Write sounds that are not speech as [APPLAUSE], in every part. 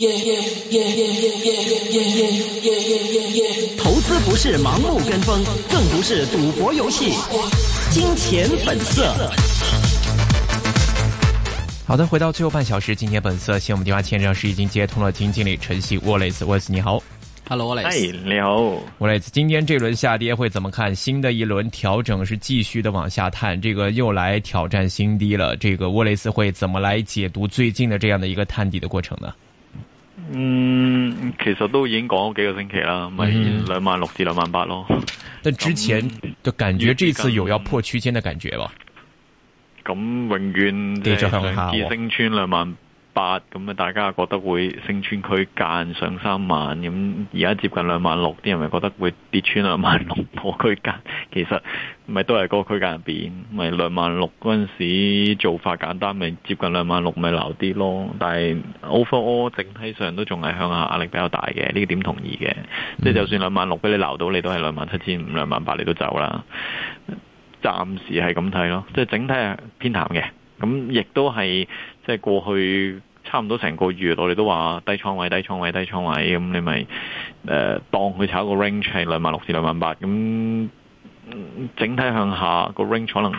耶耶耶耶耶耶耶耶耶耶，投資不是盲目跟風，更不是賭博遊戲。金錢本色。好的，回到最後半小時，金錢本色，現我們電話千老師已經接通了，基金經理陳昕沃雷斯，沃斯你好，Hello 沃雷斯，嗨，你好，沃雷斯，今天這輪下跌會怎麼看？新的一輪調整是繼續的往下探，這個又來挑戰新低了，這個沃雷斯會怎麼來解讀最近的這樣的一個探底的過程呢？嗯，其實都已經講咗幾個星期啦，咪兩萬六至兩萬八咯。嗯、但之前就感覺、嗯，這次有要破區間的感覺喎。咁、嗯嗯、永遠跌咗向下。二八咁啊，大家覺得會升穿區間上三萬，咁，而家接近兩萬六，啲人咪覺得會跌穿兩萬六個區間， [LAUGHS] 其實咪都係個區間入邊咪兩萬六嗰陣時，做法簡單，咪接近兩萬六咪留啲咯。但係 overall 整體上都仲係向下壓力比較大嘅，呢個點同意嘅。即係、嗯、就算兩萬六俾你留到，你都係兩萬七千五、兩萬八，你都走啦。暫時係咁睇咯，即係整體係偏淡嘅。咁亦都係。即係過去差唔多成個月，我哋都話低倉位、低倉位、低倉位，咁、嗯、你咪誒、呃、當佢炒個 range 係兩萬六至兩萬八，咁整體向下、個 range 可能，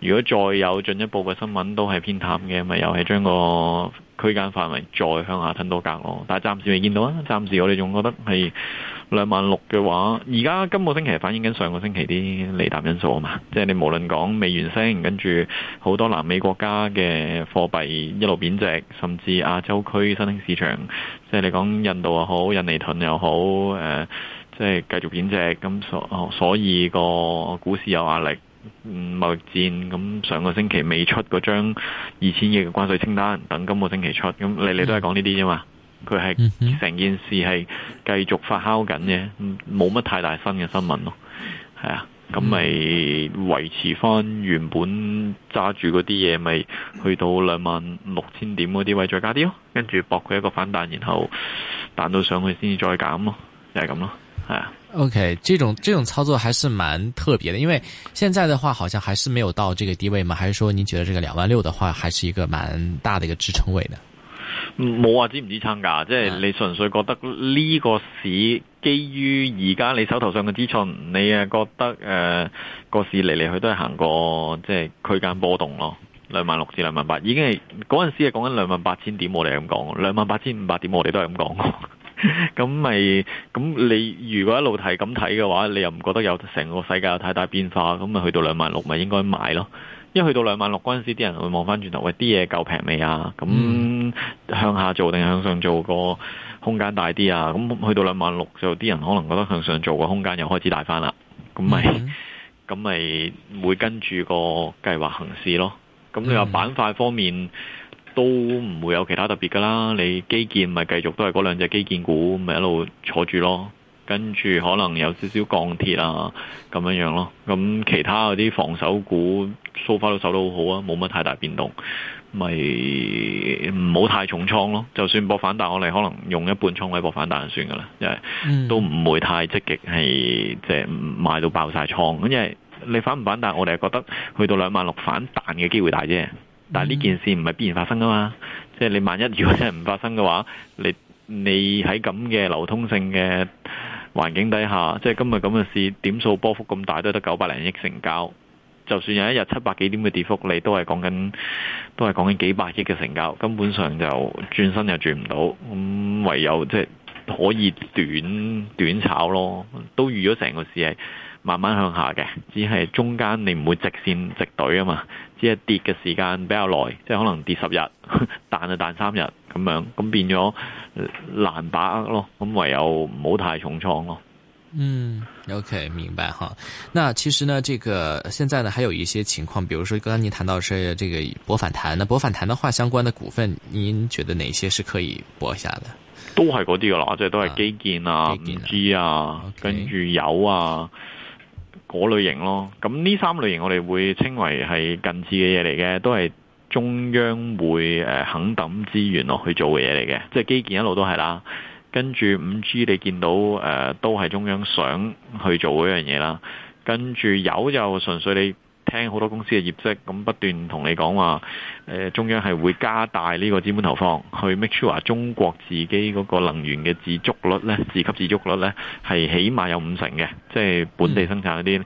如果再有進一步嘅新聞都係偏淡嘅，咪又係將個區間範圍再向下吞多格咯。但係暫時未見到啊，暫時我哋仲覺得係。兩萬六嘅話，而家今個星期反映緊上個星期啲利淡因素啊嘛，即係你無論講美元升，跟住好多南美國家嘅貨幣一路貶值，甚至亞洲區新興市場，即係你講印度又好，印尼盾又好，誒、呃，即係繼續貶值，咁所以所以個股市有壓力，貿易戰，咁上個星期未出嗰張二千億嘅關稅清單，等今個星期出，咁你你都係講呢啲啫嘛。佢係成件事係繼續發酵緊嘅，冇乜太大新嘅新聞咯，係啊，咁咪維持翻原本揸住啲嘢，咪去到兩萬六千點啲位再加啲咯，跟住搏佢一個反彈，然後彈到上去先至再減咯，就係咁咯，係啊。OK，這種這種操作還是蠻特別的，因為現在的話，好像還是沒有到這個低位嘛，還是說，你覺得這個兩萬六的話，還是一個蠻大的一個支撐位呢？冇話知唔知撐㗎，即係你純粹覺得呢個市，基於而家你手頭上嘅資產，你誒覺得誒個、呃、市嚟嚟去都係行過即係區間波動咯，兩萬六至兩萬八，已經係嗰陣時係講緊兩萬八千點，我哋係咁講，兩萬八千五百點，我哋都係咁講。咁咪咁你如果一路係咁睇嘅話，你又唔覺得有成個世界有太大變化，咁咪去到兩萬六咪應該買咯。一去到兩萬六嗰陣時，啲人會望返轉頭，喂，啲嘢夠平未啊？咁向下做定向上做個空間大啲啊？咁去到兩萬六就啲人可能覺得向上做個空間又開始大返啦。咁咪咁咪會跟住個計劃行事咯。咁你話板塊方面都唔會有其他特別噶啦。你基建咪繼續都係嗰兩隻基建股，咪一路坐住咯。跟住可能有少少鋼鐵啊咁樣樣咯，咁其他嗰啲防守股 so far 都守得好好啊，冇乜太大變動，咪唔好太重倉咯。就算搏反彈，我哋可能用一半倉位搏反彈就算噶啦，因為都唔會太積極係即係賣到爆晒倉。因為你反唔反彈，我哋係覺得去到兩萬六反彈嘅機會大啫。但係呢件事唔係必然發生㗎嘛，即係你萬一如果真係唔發生嘅話，你你喺咁嘅流通性嘅環境底下，即係今日咁嘅市點數波幅咁大，都得九百零億成交。就算有一日七百幾點嘅跌幅，你都係講緊，都係講緊幾百億嘅成交，根本上就轉身又轉唔到。咁、嗯、唯有即係、就是、可以短短炒咯，都預咗成個市係慢慢向下嘅，只係中間你唔會直綫直隊啊嘛。只係跌嘅時間比較耐，即係可能跌十日，彈 [LAUGHS] 就彈三日咁樣，咁變咗。難把握咯，咁唯有唔好太重倉咯。嗯，OK，明白哈。嗱其實呢，這個現在呢，還有一些情況，比如說剛剛你談到是這個博反彈，那博反彈的話，相關的股份，您覺得哪些是可以博下的？都係嗰啲噶啦，即係都係基建啊、五 G 啊，跟住有啊嗰類型咯。咁呢、啊啊、okay 三類型我哋會稱為係近似嘅嘢嚟嘅，都係。中央會誒肯抌資源落去做嘅嘢嚟嘅，即係基建一路都係啦。跟住五 G，你見到誒、呃、都係中央想去做嗰樣嘢啦。跟住有就純粹你聽好多公司嘅業績，咁不斷同你講話誒，中央係會加大呢個資本投放，去 make sure 中國自己嗰個能源嘅自足率咧，自給自足率呢係起碼有五成嘅，即係本地生產嗰啲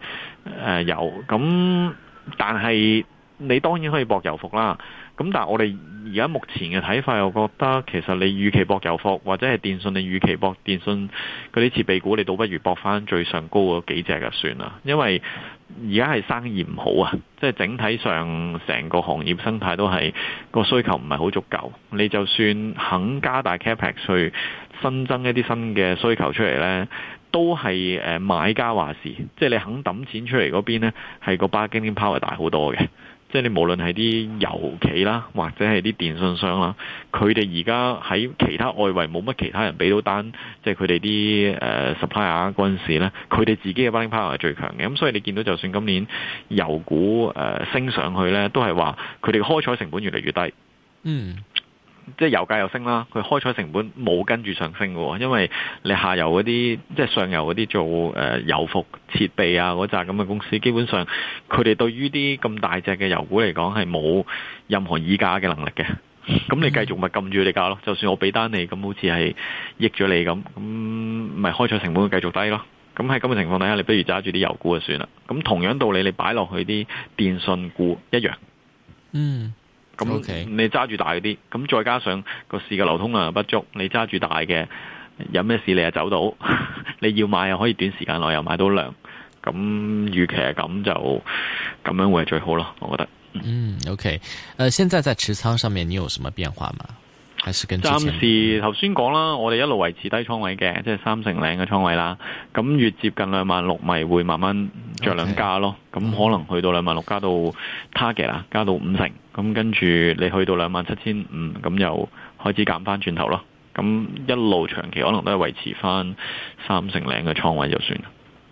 誒有。咁但係。你當然可以博油服啦，咁但係我哋而家目前嘅睇法，又覺得其實你與其博油服，或者係電信，你與其博電信嗰啲設備股，你倒不如博返最上高嗰幾隻就算啦，因為而家係生意唔好啊，即係整體上成個行業生態都係個需求唔係好足夠。你就算肯加大 capex 去新增一啲新嘅需求出嚟呢，都係誒買家話事，即係你肯揼錢出嚟嗰邊咧，係個 bargaining power 大好多嘅。即係你無論係啲油企啦，或者係啲電信商啦，佢哋而家喺其他外圍冇乜其他人俾到單，即係佢哋啲誒、呃、supplier 嗰陣時咧，佢哋自己嘅 buying power 係最強嘅。咁所以你見到就算今年油股誒、呃、升上去咧，都係話佢哋開採成本越嚟越低。嗯。即係油價又升啦，佢開採成本冇跟住上升嘅，因為你下游嗰啲即係上游嗰啲做誒、呃、油服設備啊嗰扎咁嘅公司，基本上佢哋對於啲咁大隻嘅油股嚟講係冇任何議價嘅能力嘅，咁你繼續咪撳住你價咯？嗯、就算我俾單你，咁好似係益咗你咁，咁咪開採成本會繼續低咯？咁喺咁嘅情況底下，你不如揸住啲油股就算啦。咁同樣道理，你擺落去啲電信股一樣。嗯。咁 Okay. 你揸住大啲，咁再加上個市嘅流通量不足，你揸住大嘅，有咩事你又走到， [LAUGHS] 你要買又可以短時間內又買到量，咁預期係咁就咁樣會係最好咯，我覺得。嗯，OK，誒、呃，現在在持倉上面你有什麼變化嗎？暫時頭先講啦，我哋一路維持低倉位嘅，即係三成零嘅倉位啦。咁越接近兩萬六咪會慢慢着兩加咯，咁 Okay. 可能去到兩萬六加到 target 啦，加到五成。咁跟住你去到兩萬七千五，咁又開始減翻轉頭咯。咁一路長期可能都係維持翻三成零嘅倉位就算啦。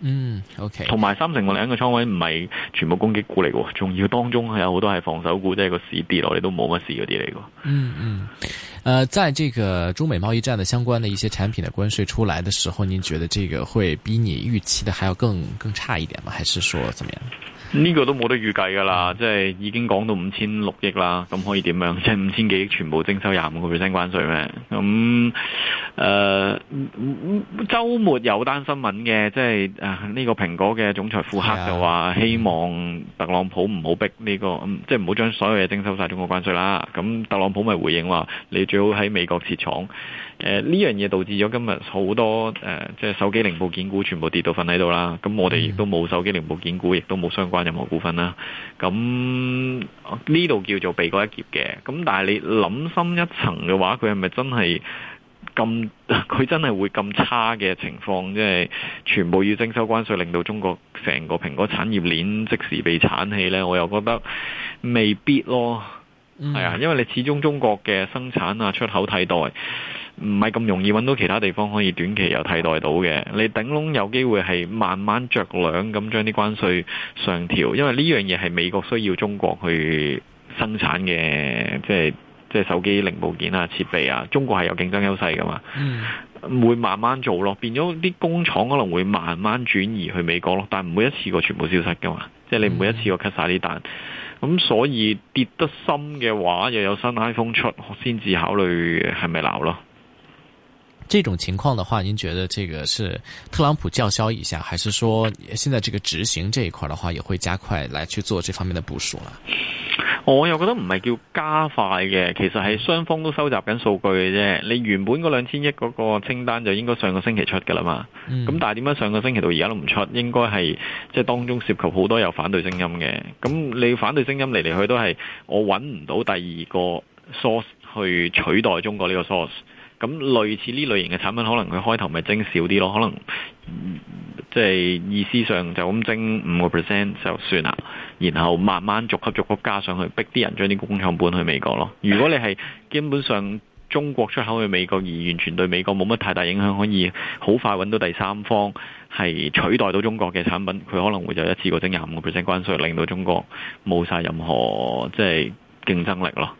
嗯，OK，同埋三成我哋兩個倉位唔係全部攻擊股嚟，仲要當中係有好多係防守股，即係個市跌落嚟都冇乜事嗰啲嚟。嗯嗯，誒、呃，在這個中美貿易戰嘅相關的一些產品嘅關稅出來嘅時候，您覺得這個會比你預期的還要更更差一點嗎？還是說怎麼樣？呢個都冇得預計㗎啦，即係已經講到五千六億啦，咁可以點樣？即係五千幾億全部徵收廿五個 percent 關稅咩？咁誒週末有單新聞嘅，即係啊呢個蘋果嘅總裁庫克就話希望特朗普唔好逼呢個，嗯、即係唔好將所有嘢徵收晒中國關稅啦。咁特朗普咪回應話：你最好喺美國設廠。呢、呃、樣嘢導致咗今日好多誒、呃，即係手機零部件股全部跌到瞓喺度啦。咁我哋亦都冇手機零部件股，亦都冇相關任何股份啦。咁呢度叫做避過一劫嘅。咁但係你諗深一層嘅話，佢係咪真係咁？佢 [LAUGHS] 真係會咁差嘅情況，即、就、係、是、全部要徵收關稅，令到中國成個蘋果產業鏈即時被斬棄呢？我又覺得未必咯。係、嗯、啊，因為你始終中國嘅生產啊，出口替代。唔係咁容易揾到其他地方可以短期又替代到嘅。你頂籠有機會係慢慢着量咁，將啲關稅上調，因為呢樣嘢係美國需要中國去生產嘅，即係即係手機零部件啊、設備啊，中國係有競爭優勢噶嘛。嗯，會慢慢做咯，變咗啲工廠可能會慢慢轉移去美國咯。但係唔會一次過全部消失噶嘛，嗯、即係你唔會一次過 cut 晒啲單。咁所以跌得深嘅話，又有新 iPhone 出先至考慮係咪鬧咯。這種情況的話，您覺得這個是特朗普叫囂一下，還是說現在這個執行這一塊的話，也會加快來去做這方面的部署啦？我又覺得唔係叫加快嘅，其實係雙方都收集緊數據嘅啫。你原本嗰兩千億嗰個清單就應該上個星期出噶啦嘛。咁、嗯、但係點解上個星期到而家都唔出？應該係即係當中涉及好多有反對聲音嘅。咁你反對聲音嚟嚟去都係我搵唔到第二個 source 去取代中國呢個 source。咁類似呢類型嘅產品，可能佢開頭咪徵少啲咯，可能即係、就是、意思上就咁徵五個 percent 就算啦，然後慢慢逐級逐級加上去，逼啲人將啲工廠搬去美國咯。如果你係基本上中國出口去美國而完全對美國冇乜太大影響，可以好快揾到第三方係取代到中國嘅產品，佢可能會就一次過徵廿五個 percent 關稅，令到中國冇晒任何即係競爭力咯。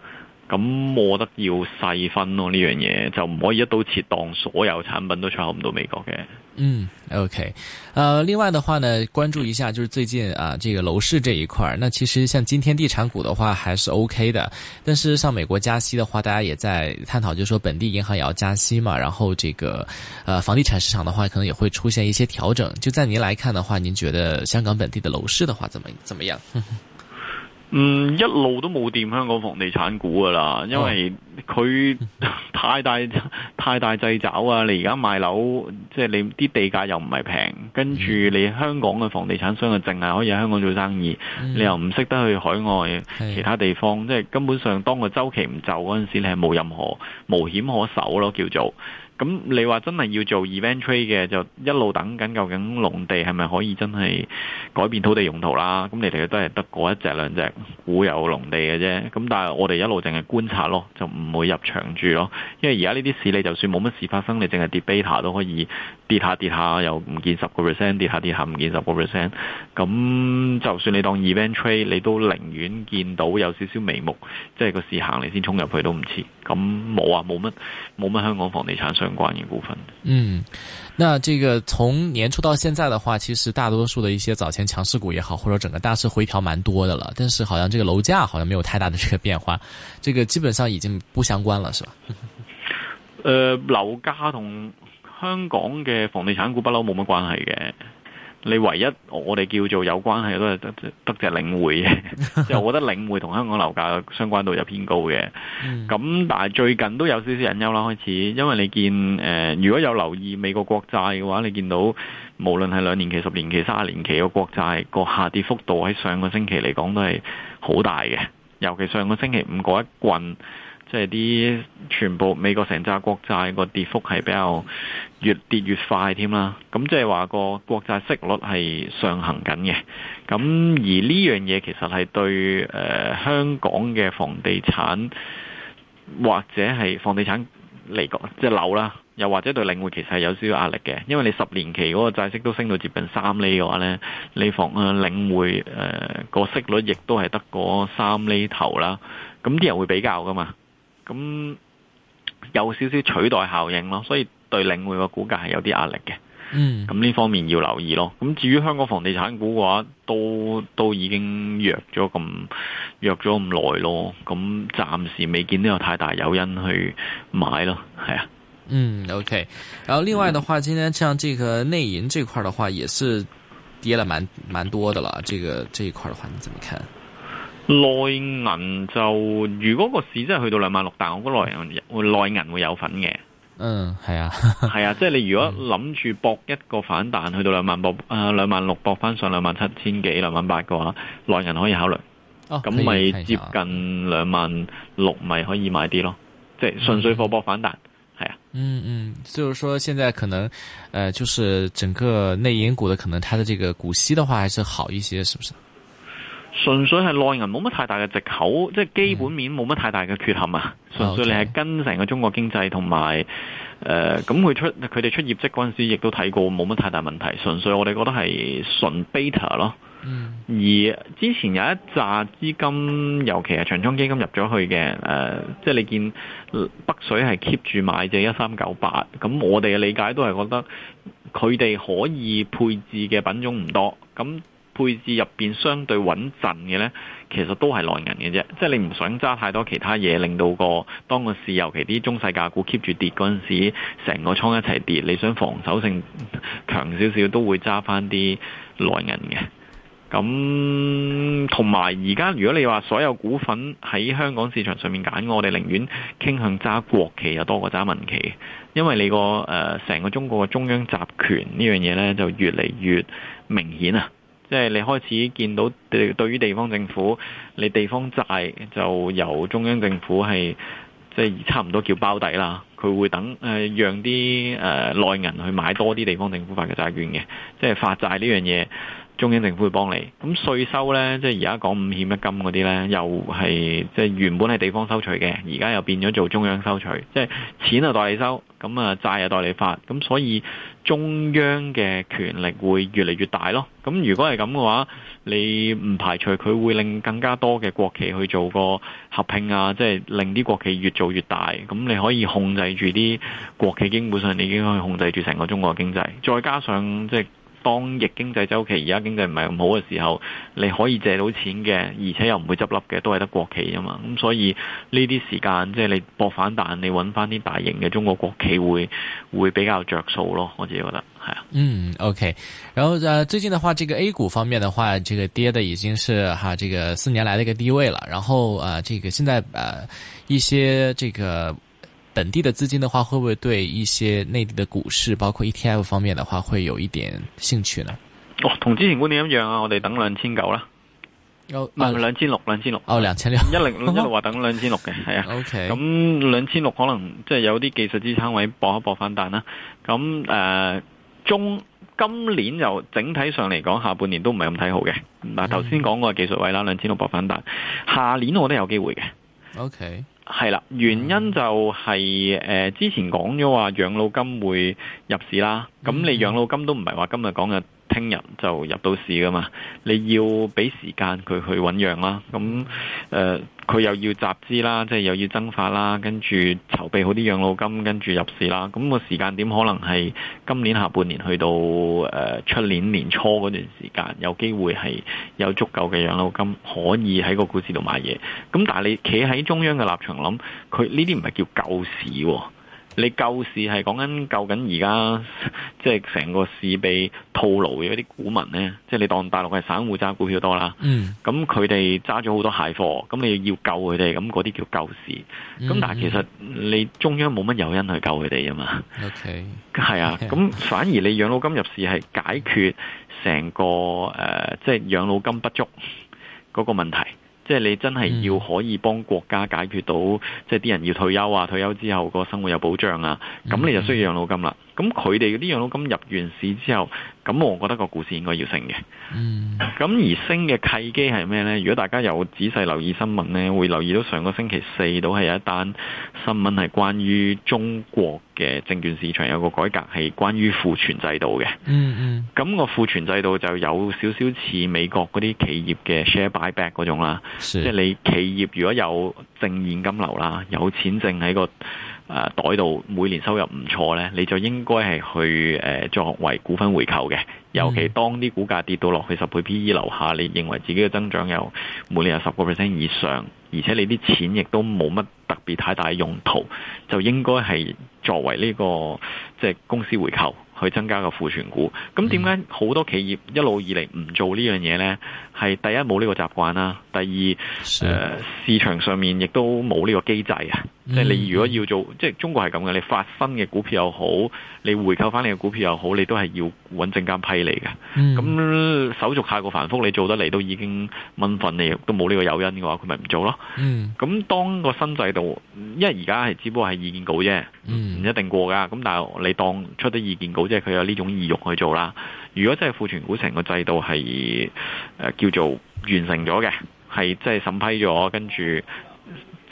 咁我覺得要細分咯呢樣嘢，就唔可以一刀切，當所有產品都出口唔到美國嘅。嗯，OK、呃。另外的話呢，關注一下，就是最近啊、呃，這個樓市這一塊，那其實像今天地產股的話，還是 OK 的。但是，像美國加息的話，大家也在探討，就說本地銀行也要加息嘛。然後，這個、呃，房地產市場的話，可能也會出現一些調整。就在您來看的話，您覺得香港本地的樓市的話，怎麼怎麼樣？嗯嗯，一路都冇掂香港房地產股噶啦，因為佢太大太大掣肘啊！你而家賣樓，即係你啲地價又唔係平，跟住你香港嘅房地產商就淨係可以喺香港做生意，你又唔識得去海外其他地方，即係根本上當個周期唔就嗰陣時，你係冇任何無險可守咯，叫做。咁你話真係要做 event trade 嘅，就一路等緊究竟農地係咪可以真係改變土地用途啦？咁你哋都係得嗰一隻兩隻股有農地嘅啫。咁但係我哋一路淨係觀察咯，就唔會入場住咯。因為而家呢啲市，你就算冇乜事發生，你淨係跌 beta 都可以跌下跌下，又唔見十個 percent 跌下跌下唔見十個 percent。咁就算你當 event trade，你都寧願見到有少少眉目，即係個市行嚟先衝入去都唔遲，咁冇啊，冇乜冇乜香港房地產。相關一部分。嗯，那這個從年初到現在的話，其實大多數的一些早前強勢股也好，或者整個大市回調蠻多的了。但是好像這個樓價好像沒有太大的這個變化，這個基本上已經不相關了，是吧？呃，樓價同香港嘅房地產股不嬲冇乜關係嘅。你唯一我哋叫做有關係都係得得隻領匯嘅，即係我覺得領匯同香港樓價相關度有偏高嘅。咁 [LAUGHS] 但係最近都有少少隱憂啦，開始，因為你見誒、呃，如果有留意美國國債嘅話，你見到無論係兩年期、十年期、三十年期嘅國債，個下跌幅度喺上個星期嚟講都係好大嘅，尤其上個星期五嗰一棍。即係啲全部美國成扎國債個跌幅係比較越跌越快添啦，咁即係話個國債息率係上行緊嘅，咁而呢樣嘢其實係對誒香港嘅房地產或者係房地產嚟講即係樓啦，又或者對領匯其實係有少少壓力嘅，因為你十年期嗰個債息都升到接近三厘嘅話呢，你房啊領匯誒個息率亦都係得個三厘頭啦，咁啲人會比較噶嘛。咁有少少取代效應咯，所以對領匯個股價係有啲壓力嘅。嗯，咁呢方面要留意咯。咁至於香港房地產股嘅話，都都已經弱咗咁弱咗咁耐咯。咁暫時未見到有太大誘因去買咯，係啊。嗯，OK。然後另外的話，今天像這個內銀這塊的話，也是跌了蠻蠻多的啦。這個這一塊的話，你怎麼看？內銀就如果個市真係去到兩萬六，但我估內銀會內銀會有份嘅。嗯，係啊，係 [LAUGHS] 啊，即係你如果諗住搏一個反彈，去到兩萬六，誒兩萬六搏翻上兩萬七千幾兩萬八嘅話，內銀可以考慮。咁咪接近兩萬六咪可以買啲咯，即係順水貨博反彈，係、嗯、啊。嗯嗯，就是說現在可能誒、呃，就是整個內銀股的可能它的這個股息的話，還是好一些，是不是？純粹係內銀冇乜太大嘅借口，即係基本面冇乜太大嘅缺陷啊！純 Okay. 粹你係跟成個中國經濟同埋誒，咁佢、呃、出佢哋出業績嗰陣時，亦都睇過冇乜太大問題，純粹我哋覺得係純 beta 咯。Mm. 而之前有一扎資金，尤其係長倉基金入咗去嘅，誒、呃，即係你見北水係 keep 住買隻一三九八，咁我哋嘅理解都係覺得佢哋可以配置嘅品種唔多，咁。配置入邊相對穩陣嘅呢，其實都係內銀嘅啫。即係你唔想揸太多其他嘢，令到個當個市，尤其啲中世價股 keep 住跌嗰陣時，成個倉一齊跌。你想防守性強少少，都會揸翻啲內銀嘅。咁同埋而家，如果你話所有股份喺香港市場上面揀，我哋寧願傾向揸國企又多過揸民企，因為你個誒成、呃、個中國嘅中央集權呢樣嘢呢，就越嚟越明顯啊！即係你開始見到，對，對於地方政府，你地方債就由中央政府係即係差唔多叫包底啦。佢會等誒、呃、讓啲誒、呃、內銀去買多啲地方政府發嘅債券嘅，即係發債呢樣嘢。中央政府會幫你，咁稅收呢？即係而家講五險一金嗰啲呢，又係即係原本係地方收取嘅，而家又變咗做中央收取，即係錢啊代你收，咁啊債啊代你發，咁所以中央嘅權力會越嚟越大咯。咁如果係咁嘅話，你唔排除佢會令更加多嘅國企去做個合併啊，即係令啲國企越做越大，咁你可以控制住啲國企，基本上你已經可以控制住成個中國嘅經濟，再加上即係。當逆經濟周期，而家經濟唔係咁好嘅時候，你可以借到錢嘅，而且又唔會執笠嘅，都係得國企啊嘛。咁、嗯、所以呢啲時間即係、就是、你搏反彈，你搵返啲大型嘅中國國企會會比較着數咯。我自己覺得係啊。嗯，OK。然後誒，最近嘅話，這個 A 股方面嘅話，這個跌的已經是哈、啊，這個四年來嘅一個低位啦。然後啊，這個現在啊，一些這個。本地嘅資金的話，會唔會對一些內地嘅股市，包括 ETF 方面的話，會有一點興趣呢？哦，同之前觀點一樣啊，我哋等兩千九啦，唔係兩千六，兩千六哦，兩千六，一零一零話等兩千六嘅，係啊。O K，咁兩千六可能即係有啲技術支撐位搏一搏反彈啦。咁誒、呃，中今年又整體上嚟講，下半年都唔係咁睇好嘅。嗱、嗯，頭先講個技術位啦，兩千六搏反彈，下年我都有機會嘅。O K。係啦，原因就係、是、誒、呃，之前講咗話養老金會入市啦，咁你養老金都唔係話今日講嘅。聽日就入到市㗎嘛？你要俾時間佢去醞釀啦。咁、嗯、誒，佢、呃、又要集資啦，即係又要增發啦，跟住籌備好啲養老金，跟住入市啦。咁、嗯，那個時間點可能係今年下半年去到誒出年年初嗰段時間，有機會係有足夠嘅養老金可以喺個股市度買嘢。咁、嗯、但係你企喺中央嘅立場諗，佢呢啲唔係叫救市啊。你救市係講緊救緊而家，即係成個市被套牢嘅嗰啲股民呢。即係你當大陸係散戶揸股票多啦，咁佢哋揸咗好多蟹貨，咁你要救佢哋，咁嗰啲叫救市。咁、嗯、但係其實你中央冇乜誘因去救佢哋啊嘛。O K，係啊，咁 Okay. 反而你養老金入市係解決成個誒，即係養老金不足嗰個問題。即係你真係要可以幫國家解決到，即係啲人要退休啊，退休之後個生活有保障啊，咁你就需要養老金啦。咁佢哋嗰啲養老金入完市之後，咁我覺得個股市應該要升嘅。嗯，咁而升嘅契機係咩呢？如果大家有仔細留意新聞呢，會留意到上個星期四都係有一單新聞係關於中國嘅證券市場有個改革，係關於庫存制度嘅，嗯。嗯嗯，咁個庫存制度就有少少似美國嗰啲企業嘅 share buy back 嗰種啦，是即係你企業如果有正現金流啦，有錢剩喺個。誒、啊、袋度每年收入唔錯咧，你就應該係去誒、呃、作為股份回購嘅。尤其當啲股價跌到落去十倍 PE 樓下，你認為自己嘅增長有每年有十個 percent 以上，而且你啲錢亦都冇乜特別太大嘅用途，就應該係作為呢、這個即係公司回購。去增加個庫存股，咁點解好多企業一路以嚟唔做呢樣嘢呢？係第一冇呢個習慣啦，第二誒 Sure.、呃、市場上面亦都冇呢個機制啊。Mm hmm. 即係你如果要做，即係中國係咁嘅，你發新嘅股票又好，你回購翻你嘅股票又好，你都係要揾證監批你嘅。咁、mm hmm. 手續太過繁複，你做得嚟都已經蚊瞓，你都冇呢個誘因嘅話，佢咪唔做咯？咁、mm hmm. 當個新制度，因為而家係只不過係意見稿啫。唔唔、嗯、一定過㗎，咁但係你當出啲意見稿，即係佢有呢種意欲去做啦。如果真係庫存股成個制度係誒、呃、叫做完成咗嘅，係即係審批咗，跟住。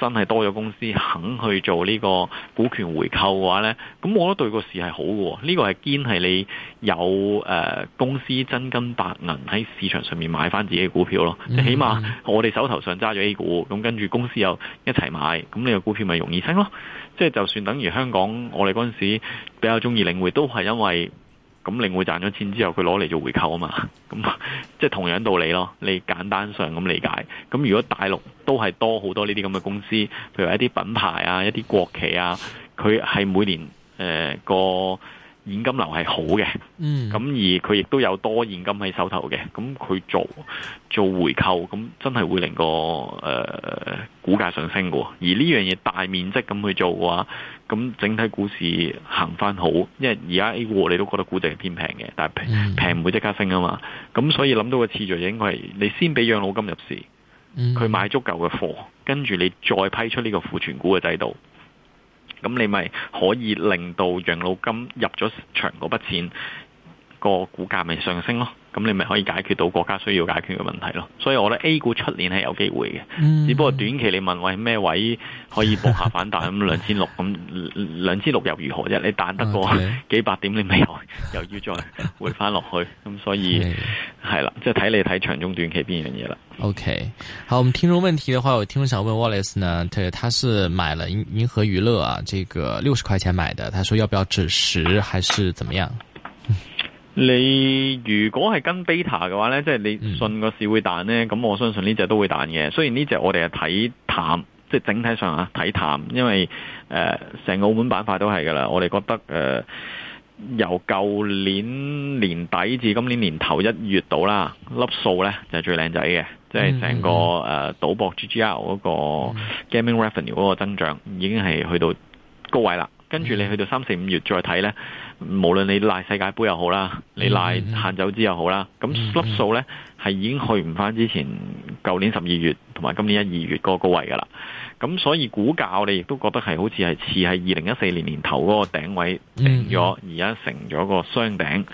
真係多咗公司肯去做呢個股權回購嘅話呢，咁我覺得對個市係好嘅。呢、這個係堅係你有誒、呃、公司真金白銀喺市場上面買翻自己嘅股票咯。即、mm hmm. 起碼我哋手頭上揸咗 A 股，咁跟住公司又一齊買，咁你個股票咪容易升咯。即係就算等於香港，我哋嗰陣時比較中意領匯，都係因為。咁令佢賺咗錢之後，佢攞嚟做回購啊嘛，咁 [LAUGHS] 即係同樣道理咯。你簡單上咁理解。咁如果大陸都係多好多呢啲咁嘅公司，譬如一啲品牌啊、一啲國企啊，佢係每年誒個。呃現金流係好嘅，咁、嗯、而佢亦都有多現金喺手頭嘅，咁佢做做回購，咁真係會令個誒、呃、股價上升嘅。而呢樣嘢大面積咁去做嘅話，咁整體股市行翻好。因為而家 A 股你都覺得估值係偏平嘅，但係平唔、嗯、會即刻升啊嘛。咁所以諗到個次序應該係你先俾養老金入市，佢買足夠嘅貨，跟住你再批出呢個庫存股嘅制度。咁你咪可以令到養老金入咗場嗰筆錢個股價咪上升咯。咁你咪可以解決到國家需要解決嘅問題咯，所以我覺得 A 股出年係有機會嘅，嗯、只不過短期你問我係咩、哎、位可以博下反彈，咁兩千六，咁兩千六又如何啫？你彈得過幾百點 Okay. 你咪又又要再回翻落去咁，所以係啦，即係睇你睇長中短期邊樣嘢啦。OK，好，我們聽眾問題嘅話，我聽眾想問 Wallace 呢，他他是買了銀河娛樂啊，這個六十塊錢買的，他說要不要止蝕，還是怎點樣？你如果係跟 beta 嘅話咧，即係你信個市會彈咧，咁我相信呢隻都會彈嘅。雖然呢隻我哋係睇淡，即係整體上啊睇淡，因為誒成個澳門板塊都係噶啦。我哋覺得誒由舊年年底至今年年頭一月到啦，粒數咧就係最靚仔嘅，即係成個誒賭博 GGR 嗰個 gaming、mm hmm. revenue 嗰個增長已經係去到高位啦。跟住你去到三四五月再睇呢，無論你賴世界盃又好啦，你賴限酒資又好啦，咁粒 [MUSIC] 數呢，係已經去唔翻之前舊年十二月同埋今年一二月個高位噶啦。咁所以股價我哋亦都覺得係好似係似喺二零一四年年頭嗰個頂位定咗，而家成咗個雙頂。誒，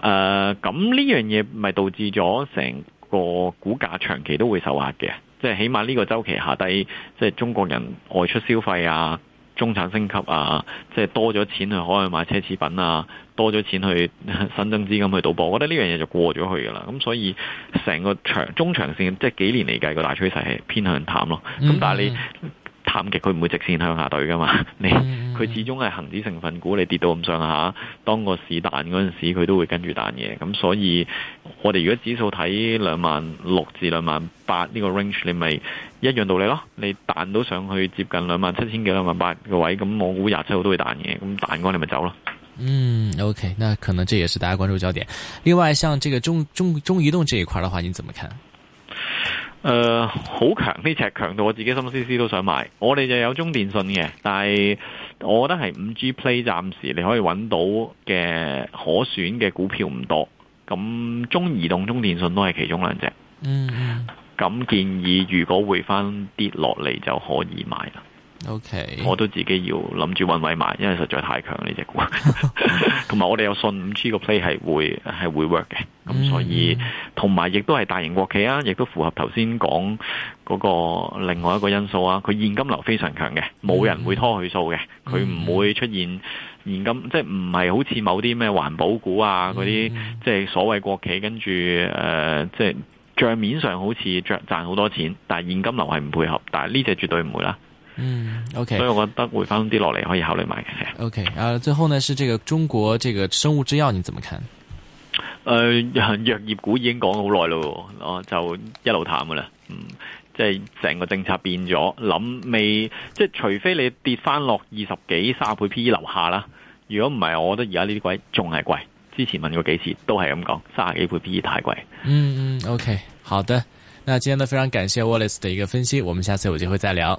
咁呢樣嘢咪導致咗成個股價長期都會受壓嘅，即係起碼呢個周期下低，即係中國人外出消費啊，中產升級啊，即係多咗錢去可以買奢侈品啊，多咗錢去新增資金去賭博，我覺得呢樣嘢就過咗去噶啦。咁所以成個長中長線即係幾年嚟計個大趨勢係偏向淡咯。咁但係你淡極佢唔會直線向下對噶嘛，你。 [LAUGHS] 佢始終係恒指成分股，你跌到咁上下，當個市彈嗰陣時，佢都會跟住彈嘢。咁所以我哋如果指數睇兩萬六至兩萬八呢個 range，你咪一樣道理咯。你彈到上去接近兩萬七千幾兩萬八個位，咁我估廿七號都會彈嘢。咁彈嗰陣你咪走咯。嗯，OK，那可能這也是大家關注焦點。另外，像這個中中中移動這一塊的話，你怎麼看？誒、呃，好強呢！隻強到我自己心思思都想買。我哋就有中電信嘅，但係。我覺得係五 G Play 暫時你可以揾到嘅可選嘅股票唔多，咁中移動、中電信都係其中兩隻。嗯、mm，咁、hmm. 建議如果回翻跌落嚟就可以買啦。O Okay . K，我都自己要諗住搵位買，因為實在太強呢隻股。同埋 [LAUGHS] [LAUGHS] 我哋有信五 G 個 play 係會係會 work 嘅，咁所以同埋亦都係大型國企啊，亦都符合頭先講嗰個另外一個因素啊。佢現金流非常強嘅，冇人會拖佢數嘅，佢唔會出現現金，即係唔係好似某啲咩環保股啊嗰啲，mm hmm. 即係所謂國企跟住誒、呃，即係賬面上好似賺賺好多錢，但係現金流係唔配合，但係呢隻絕對唔會啦。嗯，OK，所以我覺得回翻啲落嚟可以考慮買嘅。OK，啊、okay, uh,，最後呢是這個中國這個生物製藥，你怎麼看？誒、呃，藥業股已經講好耐咯，哦，就一路淡噶啦。嗯，即係成個政策變咗，諗未，即係除非你跌翻落二十幾、三十倍 P E 樓下啦。如果唔係，我覺得而家呢啲鬼仲係貴。之前問過幾次都係咁講，三十幾倍 P E 太貴。嗯嗯，OK，好的。那今天呢，非常感謝 Wallace 的一個分析。我們下次有機會再聊。